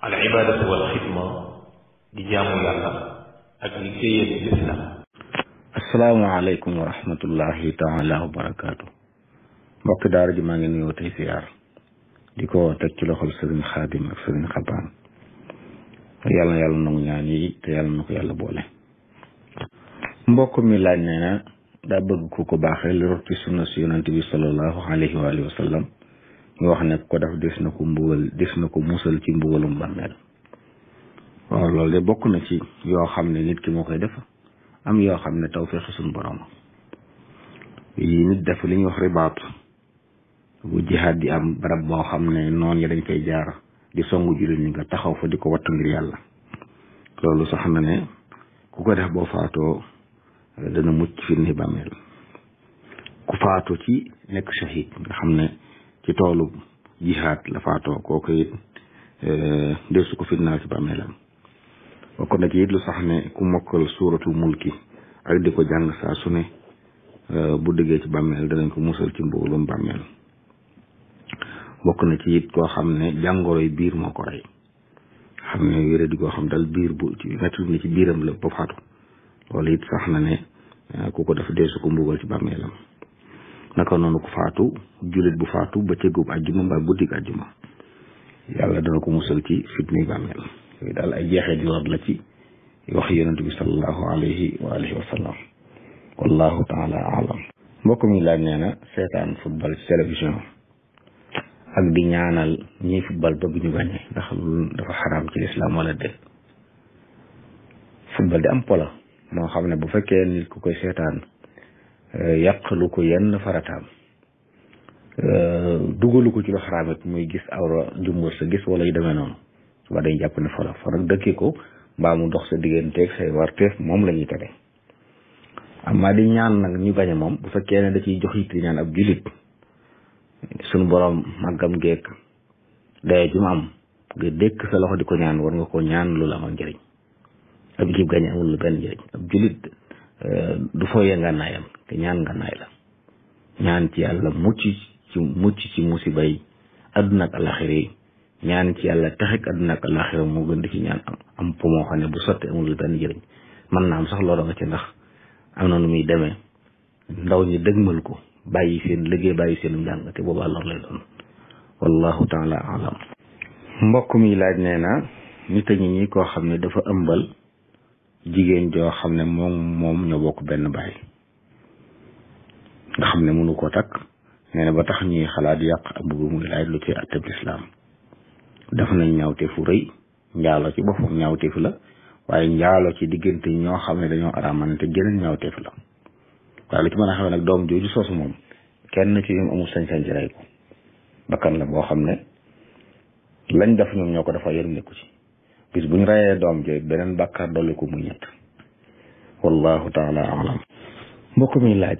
al ibadatu wal xidma di jaamu yàlla ak liggéeyal lislaam asalaamaaleykum wa rahmatullahi taala wa barakaatu mbokki daara ji maa ngi nuyoo tey siyaar di ko teg ci loxol sëriñ xaadim ak sëriñ xabaan yàlla na yàlla nangu ñaan yi te yàlla na ko yàlla boole mbokk mi laaj nee na daa bëgg ku ko baaxee li rot ci sunna si yonante bi sallallahu alayhi wa alihi wa sallam ñu wax ne ko def des na ko mbugal des na ko musal ci mbugalum bàmmeel waaw loolu de bokk na ci yoo xam ne nit ki moo koy def am yoo xam ne taw tawfeexu suñu borom yi nit def li ñuy wax ribaatu bu jihaad di am barab boo xam ne noon yi dañ koy jaar di songu jullit ñi nga taxaw fa di ko wattu ngir yàlla loolu sax na ne ku ko def boo faatoo dana mucc fi ni bàmmeel ku faatu ci nekk shahid nga xam ne ci toolu jihaad la faatoo kooku it eh, def su ko fitnaal ci bàmmeelam kon nag it lu sax ne ku mokkal suuratu mulki ak di ko jàng saa eh, bu dëggee ci bàmmeel danañ ko musal ci mbugalum bàmmeel bokk na ci it koo xam ne jàngoroy biir moo ko xam ne wéré di xam dal biir bu ci metti ci biiram la ba faatu loolu it sax ne eh, ku ko def dee su ko ci bàmmeelam naka noonu ko faatu jullit bu faatu ba cëggub àjjuma mbaa guddig àjjuma yàlla dana ko musal ci fitni bàmmeel yooyu daal ay jeexeet yu war la ci wax yonent bi salallahu alayhi wa alihi wa sallam wallahu taala alam mbokk mi laaj nee na seetaan football ci télévision ak di ñaanal ñiy football ba bu ñu am pola moo xam ne bu fekkee nit ku koy seetaan yàqalu ko yenn farataam euh, dugalu ko ci lu xaraam muy gis awra jumbur sa gis wala yu demee noonu suba day jàpp ne fara fa nag dëkkee ko mbaa mu dox sa digganteeg say moom lañuy ñuy tere amaa di ñaan nag ñu bañ moom bu fekkee ne da ciy jox it ñaan ab jullit suñu borom màggam geek daye ji mu am sa loxo di ko ñaan war nga ko ñaan lu la amal njëriñ ab jib gañ amul benn njëriñ ab jullit euh, du fooyee ngànnaayam te ñaan nga naay la ñaan ci yàlla mucc ci mucc ci musiba yi àdduna ak alaxira yi ñaan ci yàlla texek àdduna ak alaxira moo gën di ci ñaan am am po ne bu sottee amul benn jëriñ mën naa am sax loolu nga ci ndax am na nu muy deme ndaw ñi dëgmal ko bàyyi seen liggéey bàyyi seen njàng te boobaa lor lay doon wallahu taala alam mbokk mi laaj nee na nit a ñi koo xam ne dafa ëmbal jigéen joo xam ne moom moom ñoo bokk benn baay nga xam ne mënu koo takk nee ba tax ñuy xalaat yàq ak boobu muy laaj lu ci àtteb lislaam def nañ ñaawteefu rëy njaalo ci boppam ñaawteef la waaye njaalo ci diggante ñoo xam ne dañoo araamante geneen ñaawteef la waaye lu ci mën a xamee nag doom jooju soosu moom kenn ci ñoom amul sañ ci rey ko bakkan la boo xam ne lañ def ñoom ñoo ko dafa yor nekku ci bis ñu reyee doom jooy beneen bàkkaar dolli ko muy ñett wallahu taala alam mbokk mi laaj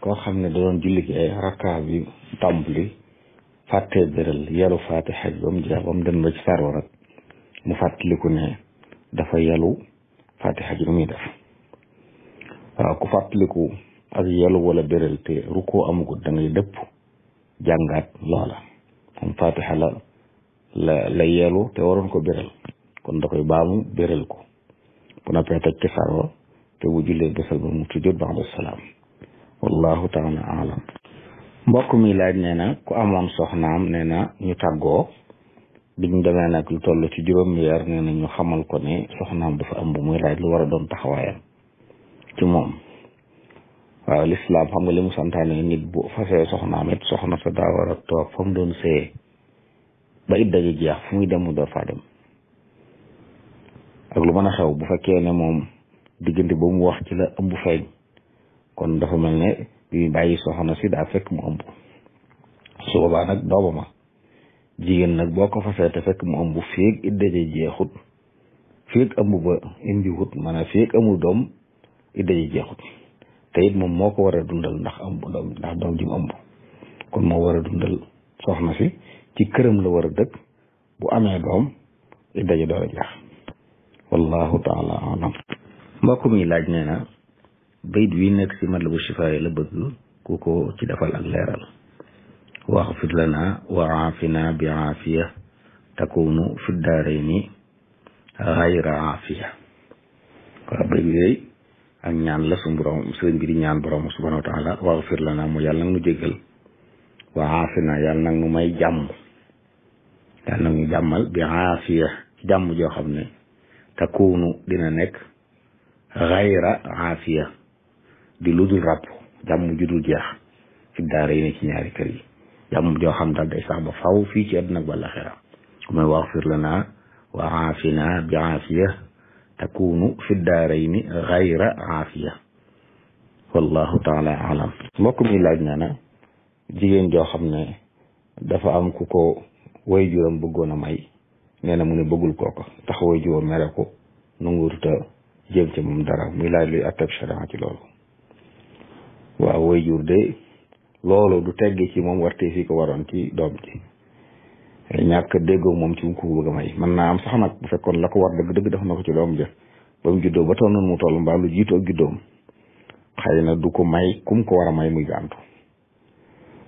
koo xam ne da doon julli gi ay rakka bi tàmbali fàttee béral yalu fatiha bi ba mu jeex ci saar wa rek mu fàttaliku ne dafa yalu fatiha bi nu muy def waaw ku fàttaliku ak yalu te rukkoo amagut da ngay dëpp jàngaat loola moom fatiha la yalu te waroon ko béral kon da koy baamu béral ko bu noppee toj ci te bu jullee bésal ba mu sujjóot ba'da salaam wallahu taala alam mbokk mi laaj nee na ku amoon soxnaam nee na ñu tàggoo biñ demee nag lu toll ci juróom weer nee na ñu xamal ko ne soxnaam dafa am bu muy laaj lu war a doon taxawaayam ci moom waaw lislaam xam nga li mu santaane nit bu fasee soxnaam it soxna sa daa war a toog fa mu doon sëyee ba idda ji jeex fu muy dem mu door dem ak lu mën a xew bu fekkee ne moom diggante ba mu wax ci ëmb feeñ kon dafa mel ne bi muy bàyyi soxna si daa fekk mu ëmb su boobaa nag doomama jigéen nag boo ko fasee te fekk mu ëmb féeg idda ja jeexut féeg ëmb ba indiwut maanaam féeg amul doom idda ja jeexut te moom moo ko war a dundal ndax ëmb doom ndax doom kon moo war a dundal soxna si ci këram la war a dëkk bu amee doom idda ja door a jeex wallahu taala alam mbokk mi laaj nee bayit wi nekk ci matlabu shifaay la bëgg ku ko ci defal ak leeral waxfir lana wa aafina bi aafiya takunu fi daarayni xayra aafiya waaw bayit ak ñaan la suñu borom sëriñ bi di ñaan wa taala lana mu yàlla nag nu jéggal wa aafina yàlla nag nu may jàmm yàlla nag nu jàmmal bi aafiya ci joo xam ne takunu dina nekk xayra aafiya di lu dul ràpp jàmm ju dul jeex fi daara yi ne ci ñaari kër yi jàmm joo sax ba faw fii ci àdduna ak walla xera ku may waxfir lana wa aafina bi aafiya takunu fi daarayni xayra aafiya wallahu taala alam mbokk mi laaj na na jigéen joo xam ne dafa am ku ko way juram bëggoon a may nee na mu ne bëggul kooko tax way juróom mere ko nanguuruta jéem ci moom dara muy laaj luy atteb ci loolu waaw way jur de loolu du teggi ci moom warte fi ko waroon ci doom ji ñàkk déggoo moom ci mu ko bëgg a may mën naa am sax nag bu fekkoon la ko war dëgg dëgg def na ko ci doom ja ba mu juddoo ba toll noonu mu toll mbaa lu jiitoo juddoom xëy na du ko may kum ko war a may muy gàntu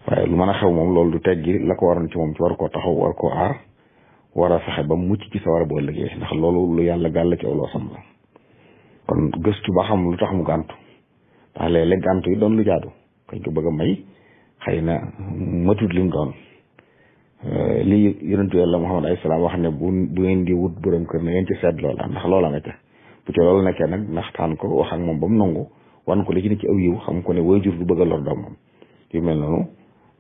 waaye lu mën a xew moom loolu du teggi la ko waroon ci moom ci war koo taxaw war ko aar war a fexe mu mucc ci sa war a boo liggéey ndax loolu lu yàlla gàll ci awloo sam la kon gëstu ba xam lu tax mu gàntu waaw léeg-léeg gànt yi doon lu jaadu kañ ko bëgg a may xëy na matut lim doon euh, lii yonentu la Muhammad alayhi salaam wax ne bu bu ngeen di wut borom kër na ngeen ci seet loola ndax loola nga ca bu ci loolu nekkee nag naxtaan ko wax ak moom ba mu nangu wan ko li ci ne xam ko ne waajur du bëgg a lor doomam yu mel noonu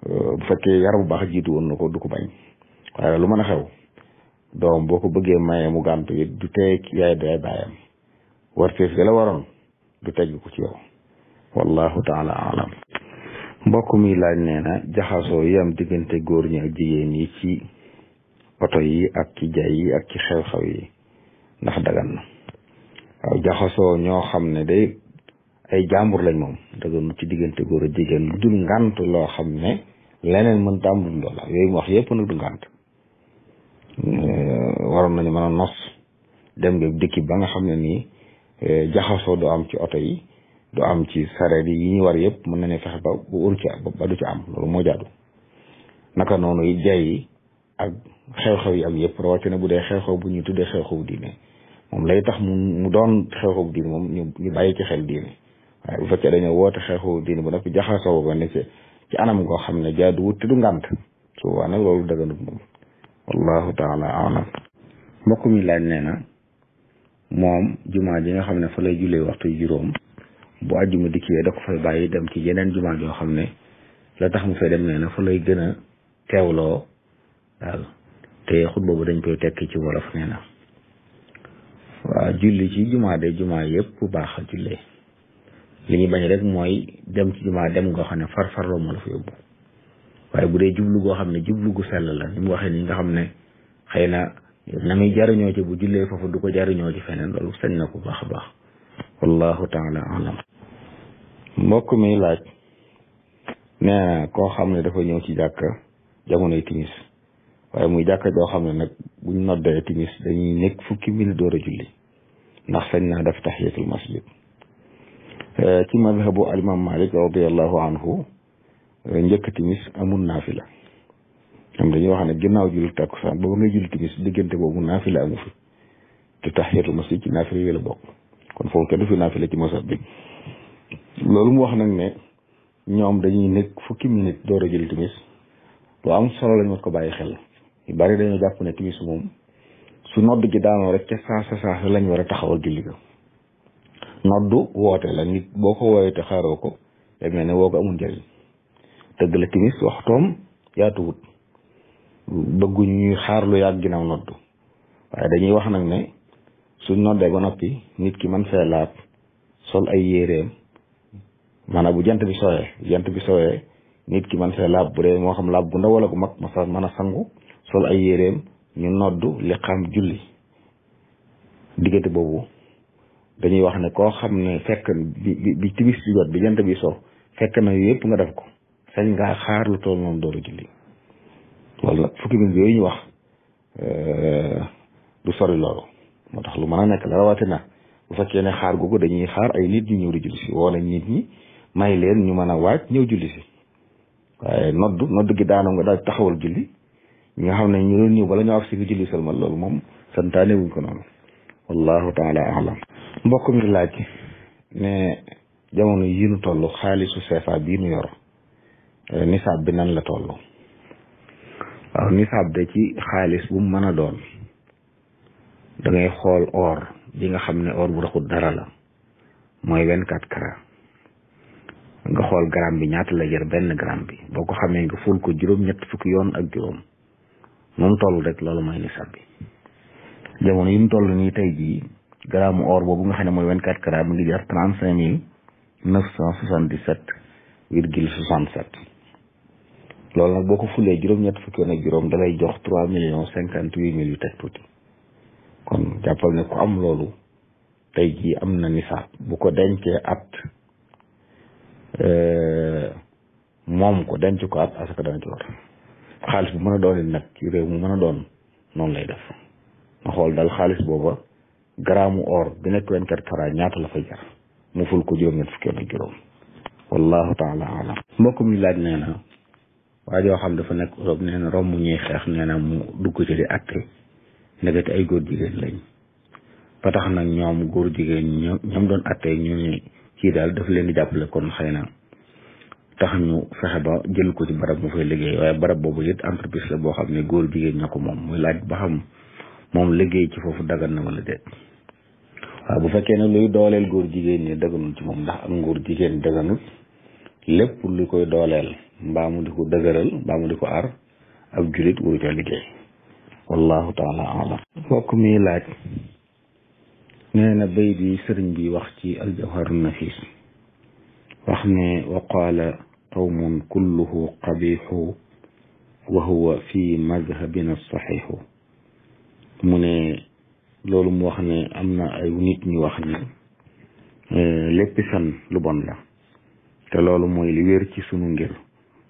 euh, bu fekkee yar bu baax jiitu woon na ko du ko bañ waaye lu mën a xew doom boo ko bëggee maye mu gàntu it du tee yaay day baayam warteef la waroon wallahu taala alam mbokk mi laaj nee na jaxasoo yi diggante góor ñi ak jigéen yi ci oto yi ak ci jaay yi ak ci xew-xew yi ndax dagan na waaw jaxasoo ñoo xam ne de ay jàmbur lañ moom daganul ci diggante góor a jigéen lu dul ngànt loo xam ne leneen mën tàmbul loola yooyu mu wax yépp nag du ngànt waroon nañu mën a nos dem nga dikki ba nga xam ne nii jaxasoo du am ci oto yi du am ci sareet yi ñu war yëpp mën nañu fexe ba bu ur ca ba du ci am loolu moo jaadu naka noonu it jaay ak xew-xew yi am yëpp rawatina bu dee xew-xew bu ñu tuddee xew-xew diine moom lay tax mu mu doon xew-xew diine moom ñu ñu bàyyi ci xel woote xew-xew diine noppi jaxasoo ba ci anam goo xam ne jaaduwut te du ngànt su boobaa na moom jumaa ji nga xam ne fa lay jullee waxtu juróom bu àjjuma dikkee da ko fay bàyyi dem ci yeneen jumaa joo xam ne la tax mu fay dem nee na fa lay gën a teewloo daal te xutba bu dañ koy tekki ci wolof nee na julli ci jumaa de jumaa yëpp baax a jullee li ñu bañ rek mooy dem ci jumaa dem ngoo xam ne farfarloo moo la fa yóbbu waaye bu dee jublu goo xam ne jublu gu sell la ni mu waxee ni nga xam ne xëy na na muy jariñoo ci bu jullee foofu du ko jariñoo ci feneen loolu sañ na ko baax a baax wallahu taala mbokk mi laaj nee koo xam ne dafa ñëw ci jàkka jamonoy timis waaye muy jàkka joo xam ne nag buñ noddee timis dañuy nekk fukki mil door a julli ndax sañ naa def tahiyatul masjid eh, ci madhabu alimam malik radiallahu anhu eh, njëkk timis amul naafila am dañuy wax ne ginnaaw julli takkusaan ba ba ngay julli diggante boobu naafila amu fi te tahiyatul masjid ci naafila yi la bokk kon foofu kenn fi naafila ci masjid bi loolu mu wax nag ne ñoom dañuy nekk fukki minute door a jël timis lu am solo lañ war ko bàyyi xel yu bari dañoo jàpp ne timis moom su nodd gi daanoo rek ca saasa saasa lañ war a taxawal julli ga noddu woote la nit boo ko woowee te xaaroo ko day mel ne woo ko amul njëriñ dëgg la timis waxtoom yaatuwut bëgguñ ñuy xaar lu yàgg ginnaaw noddu waaye dañuy wax nag ne su noddee ba noppi nit ki man fee laab sol ay yéreem maanaam bu jant bi sooyee jant bi sooyee nit ki man see laab bu dee moo xam laab bu ndaw wala gu mag masa mën a sangu sol ay yéreem ñu noddu li xam julli diggante boobu dañuy wax ne koo xam ne fekk bi bi bi timis bi jot bi jant bi so fekk na yëpp nga def ko sañ ngaa xaar lu toll noonu dooru julli loolu nag fukki minute yooyu ñu wax euh, du sori loolu moo tax lu mën a nekk la rawatina bu fekkee ne xaar googu dañuy xaar ay nit ñu ñëw di julli si woo nit ñi may leen ñu mën a waaj ñëw julli si waaye nodd nodd gi daanam nga daal taxawal julli ñi nga xam ne ñu doon ñëw bala ñoo agsi fi julli salmal loolu moom santaane wuñ ko noonu wallahu taala alam mbokk mi laaj ne jamono yi nu toll xaalisu CFA bii yor eh, nisaab bi nan la toll waaw nisaab de ci xaalis bu mu mën a doon da xool or bi nga xam ne or bu raxut dara la mooy vingt-quatre carats nga xool gramme bi ñaata la jër benn gramme bi boo ko xamee nga ful ko juróom ñett fukki yoon ak juróom moom toll rek loolu mooy nisab bi jamono yi mu toll nii tey jii gramme or boobu nga xam ne mooy vingt quatre grammes mi ngi jar trente cinq mille neuf cent soixante dix sept virgule soixante sept loolu nag boo ko fulee juróom ñett fukki yoon ak juróom dalay jox trois millions cinquante huit mille yu teg tuuti kon jàppal ne ku am loolu tey jii am na nisaab bu ko dencee at Euh, moom ko denc ko ab asaka dana ci war xaalis bu mën a doon nag ci réew mu mën a doon noonu lay def ma xool dal xaalis booba garaamu or bi nekk vingt quatre ñaata la fay jar mu ful ko juróom-ñett fukki ak juróom wallahu taala alam mbokk nee na waa joo xam dafa nekk Europe nee ñuy xeex neena mu dugg ci di atte ndekete ay góor jigéen lañ ba tax nag ñoom góor jigéen ñoom doon atte ñu kii daal daf leen di jàppale kon xëy na tax ñu fexe ba jël ko ci barab mu fay liggéey waaye barab boobu it entreprise la boo xam ne góor jigéen ñoo ko moom muy laaj ba xam moom liggéey ci foofu dagan na wala déet waaw bu fekkee ne luy dooleel góor jigéen ñi daganul ci moom ndax am nguur jigéen daganul lépp lu koy dooleel mbaa mu di ko dëgëral mbaa mu di ko ar ab julit wuru ca liggéey wallahu taala alam laaj nee na bay bi sëriñ bi wax ci aljawharu nafis wax ne wa qaala qawmun kulluhu qabixu wa huwa fi madhabina saxiixu mu ne loolu mu wax ne am na ay nit ñu wax ne eh, lu bon la te loolu mooy li wér ci sunu ngir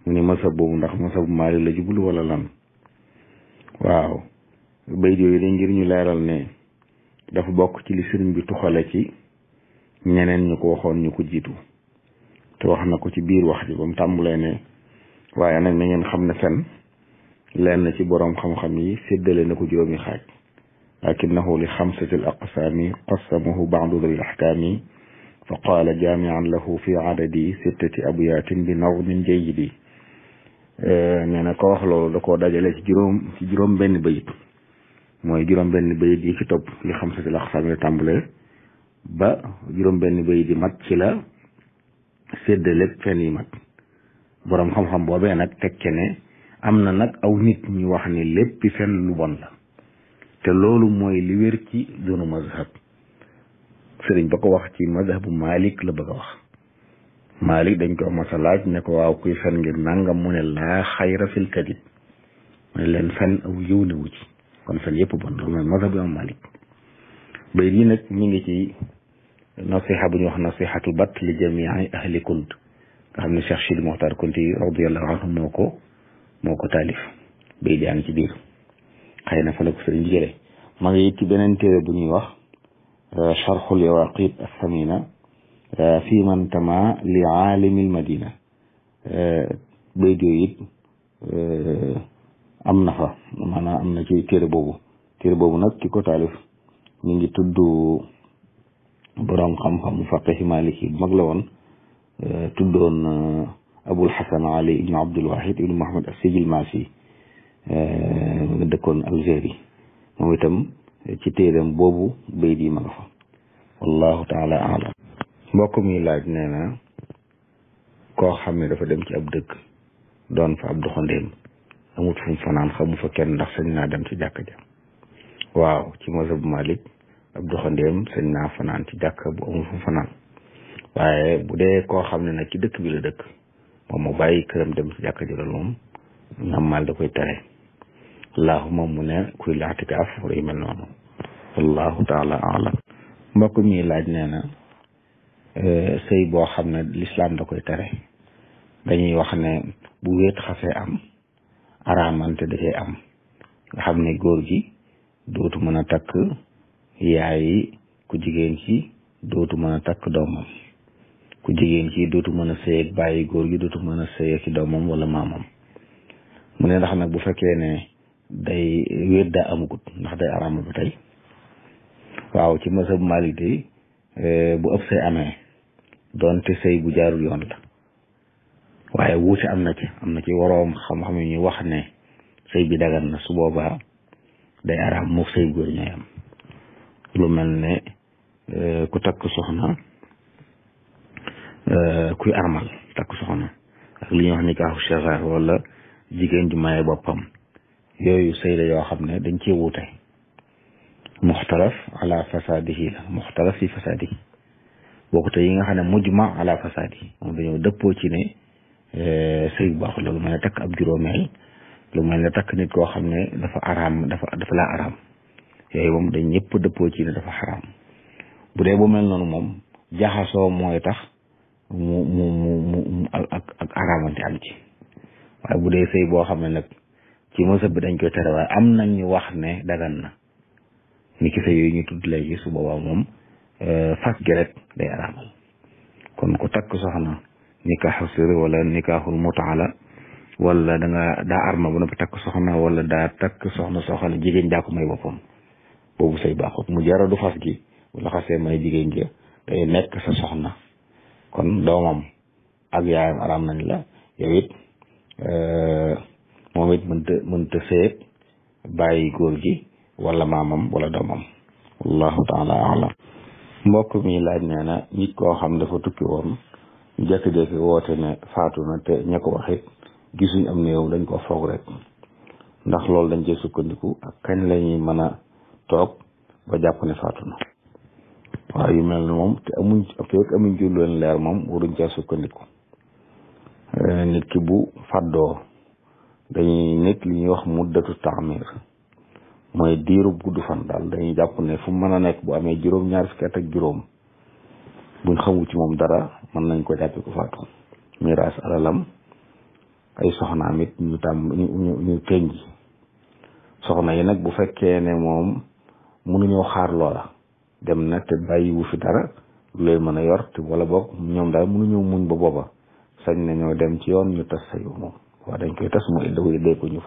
mu ne masab boobu ndax masab maali la jublu wala lan waaw bay yooyu de ngir ñu leeral ne dafa bokk ci li sëriñ bi tuxale ci ñeneen ñu ko waxoon ñu ko jiitu te wax na ko ci biir wax ji ba mu tàmbulee ne waaye nag na ngeen xam ne fen lenn ci boroom xam-xam yi séddale na ko juróomi xaaj lakinnahu li xamsati l aqsaami qassamahu baadu dil ahkaami fa qaala jaamian lahu fi adadi sittati abyaatin bi nazmin jayyidi nee na ko wax loolu da koo dajale ci juróom ci juróom benn mooy juróom-benn bayit yi ci topp li xam sa ci la xasaam la tàmbalee ba juróom-benn bayit yi mat ci la séddale fenn yi mat boroom xam-xam boobee nag tekke ne am na nag aw nit ñu wax ni léppi fenn lu bon la te loolu mooy li wér ci dunu mazhab ba ko wax ci mazhabu Malik la bëgg a wax Malik dañ ko masa laaj ne ko waaw kuy fen ngir nangam mu ne laa xayra fil kadib leen fen aw yiw newu ci kon fan yëpp bon malik bay lii nag ñu ngi ci nasiha bu ñu wax nasihatu bat li jamii ahli kunt nga xam ne Cheikh Kunti radiyallahu anhu moo ko moo ko taalif bay li am na fa la ko sëriñ ma ngi it ci beneen téere bu ñuy wax charxul euh, yawaqit euh, fi man tama li aalimil madina euh, bay yooyu it am na fa maanaam am na ci téere boobu téere boobu nag ki ko taalif ñu ngi tudd boroom xam-xam faqih maliki bu mag la woon euh, tuddoon euh, abul xasan ali ibnu abdul wahid ibnu mohamad as-sijil maasi mu euh, nga dëkkoon algérie moom itam ci téeram boobu bay di ma nga fa wallahu taala alam mbokk mi laaj nee na koo xam ne dafa dem ci ab dëkk fa ab doxandéem amut fu mu fanaan xamu fa kenn ndax sañ naa dem ci jàkk ja waaw ci mazhab Malik ab doxandeem sañ naa fanaan ci jàkk bu amul fu fanaan waaye bu dee koo xam ne na ci dëkk bi la dëkk moom mu bàyyi këram dem ci jàkk ji la moom nammaal mu ne kuy laatikaaf wala yu mel noonu wallahu taala laaj nee na e, sëy boo xam ne lislaam da koy tere dañuy wax ne bu wéet xasee am araamante da cay am nga xam ne góor gi dootu mën a takk yaayi ku jigéen ki dootu mën a takk doomam ku jigéen ci dootu mën a sëy ak bàyyi góor gi dootu mën a sëy ak doomam wala maamam mu ne ndax nag bu fekkee ne day wér daa amagut ndax day araama ba tey waaw ci masab Maalik day eh, bu ëpp say amee doonte sey bu jaarul yoon la waaye wuute am na ci am na ci waroom xam-xam yu ñuy wax ne sëy bi dagan na su boobaa day araam mook sëy góor ñooy am lu mel ne euh, ku takk soxna euh, kuy armal takk soxna ak li ñuy wax ni wala jigéen ju maye yooyu sëy yoo xam ne dañ ci wuute muxtalaf ala fasaadihi la muxtalaf fi fasaadihi bokkute yi nga xam ne mujma ala fasaadihi moom ci ne Eh, sëy bu baaxul lu ne takk ab juróomeel lu mel ne takk nit koo xam ne dafa araam dafa dafa laa araam yooyu moom dañ ñëpp dëppoo ci ne dafa xaraam bu dee bu mel noonu moom jaxasoo mooy tax mu mu mu mu ak ak araamante am ci waaye bu dee sëy boo xam ne nag ci mësëb bi dañ koy tere waaye am nañ ñu wax ne dagan na ni ki sëy yooyu ñu tudd léegi su boobaa moom eh, fas gi rek day araamal kon ku takk soxna nikaaxu sir wala nikaaxul mutaa la wala da nga daa arma ba noppi takk soxna wala daa takk soxna soxal jigéen jaa ko may boppam boobu say baaxut mu jara du fas gi bu la may jigéen ja nekk sa soxna kon doomam ak yaayam araam nañ la yow it euh, moom it mënta mënta seet bàyyi gi wala maamam wala doomam wallahu taala alam mbokk mi laaj nee na nit koo xam dafa tukki woon jékki-jékki woote ne faatu na te ña ko waxit gisuñ am néew dañ ko foog rek ndax loolu dañ cee sukkandiku a kañ lañuy mën a toog ba jàpp ne faatu na waaye yu mel ne moom te amuñ feek amuñ ci leer moom waruñ cee sukkandiku eh, nit bu fàddoo dañuy nekk li ñuy wax muddatu taamir mooy diiru gudd fan daal dañuy jàpp ne fu mu mën a nekk bu amee juróom ñaar fukki at ak juróom buñ xamu ci moom dara mën nañ ko jàppe ku faatu miraas alalam ay soxnaam it ñu tàmm ñu ñu tëñ ji soxna yi nag bu fekkee ne moom mënuñoo xaar loola dem na te bàyyiwu fi dara lu mën a yor te wala boog ñoom daal mënuñoo muñ ba booba sañ nañoo dem ci yoon ñu tas sayu moom waa dañ koy tas mu idda ko iddee ko euh,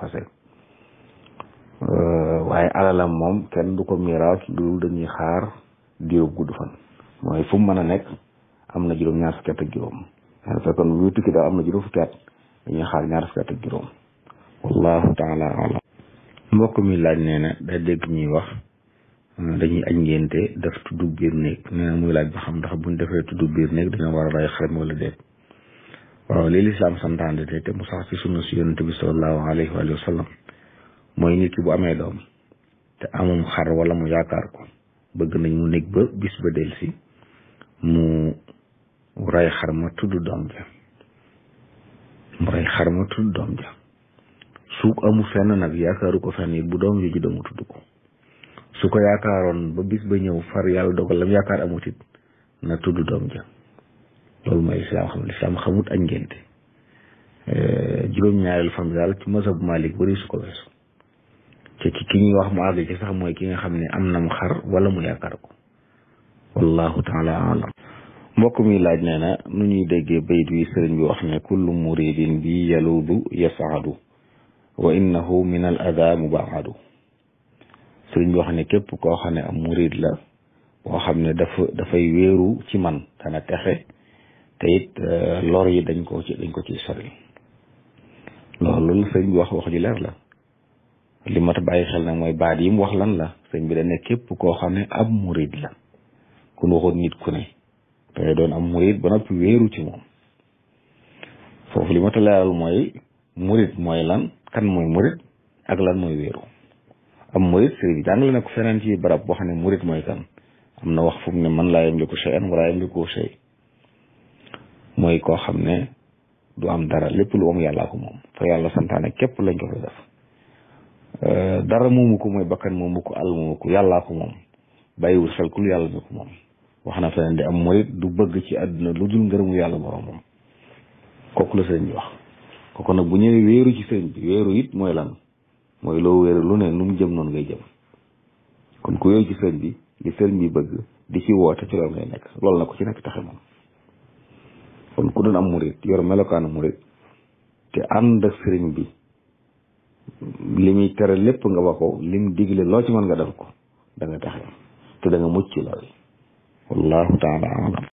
waaye alalam moom kenn du ko miraas lu dañuy xaar diirub gudd fan mooy fu mën a nekk am na juróom ñaar fukki ak juróom maanaam fekkoon am na juróom fukki at dañuy xaar ñaar alam mbokk mi laaj nee na da dégg ñuy wax euh, dañuy añ ngénte def tuddu biir néeg nee muy laaj ba xam ndax buñ defee tuddu biir néeg dañoo war a rey xaram wala déet waaw li lislaam santaane te te mu sax ci sunna si yonente bi sallallahu alayhi wa mooy nit ki bu amee doom te amum xar wala mu yaakaar ko bëgg nañ mu nekk ba bis ba delsi mu mu rey xar ma tudd doom ja mu rey xar ma tudd doom ja nag yaakaaru ko fenn it bu doom ju juddoo mu tudd ko su ko yaakaaroon ba bis ba ñëw far yàlla dogal lam yaakaar amut it na tudd doom ja loolu mooy lislaam xamut ak ngénte eh, juróom-ñaareelu fam daal ci Malik bari su ko weesu te ki ñuy wax mu àgg ci sax mooy ki nga xam ne am na xar wala mu yaakaar ko wallahu taala alam mbokk mi laaj nee na nu ñuy déggee bayt wi sëriñ bi wax ne kullu muridin bi yaluudu yasaadu wa innahu min al mu mubaadu sëriñ bi wax ne képp koo xam ne am murid la boo xam ne dafa dafay wéeru ci man dana texe te euh, lor yi dañ ko dañ ko ciy sori loolu la wax wax leer la li mat a bàyyi xel nag mooy baat yi mu wax lan la sëriñ képp koo xam ne ab murid kun waxoon nit ku ne da ngay doon am murit ba noppi wéeru ci moom foofu li ma ta leeral mooy murit mooy lan kan mooy murit ak lan mooy wéeru am murit sëriñ bi jàngale na ko feneen ci barab boo xam ne murit mooy kan am na wax fu ne man laa yamliku shay'an wa laa yamliku shay mooy koo xam ne du am dara lépp lu am yàllaa ko moom fa yàlla santaane képp lañ ko fay def dara moomu ko mooy bakkan moomu ko yàllaa ko moom bàyyiwul xel ku yàlla mi ko moom wax naa feneen di am murit du bëgg ci àdduna lu dul ngërëmu yàlla boroomam kooku la sëriñ bi wax kooku nag bu ñëwee wéeru ci sëriñ bi wéeru it mooy lan mooy loo wéeru lu ne nu mu jëm noonu ngay jëm kon ku yooyu ci sëriñ bi li sëriñ bi bëgg di ci woote ci loolu ngay nekk loolu na ko ci nekk taxe moom kon ku doon am murit yor melokaanu murit te ànd ak sëriñ bi li muy tere lépp nga wax ko li mu digle loo ci mën nga def ko da nga taxe te da mucc ci wallahu taala alam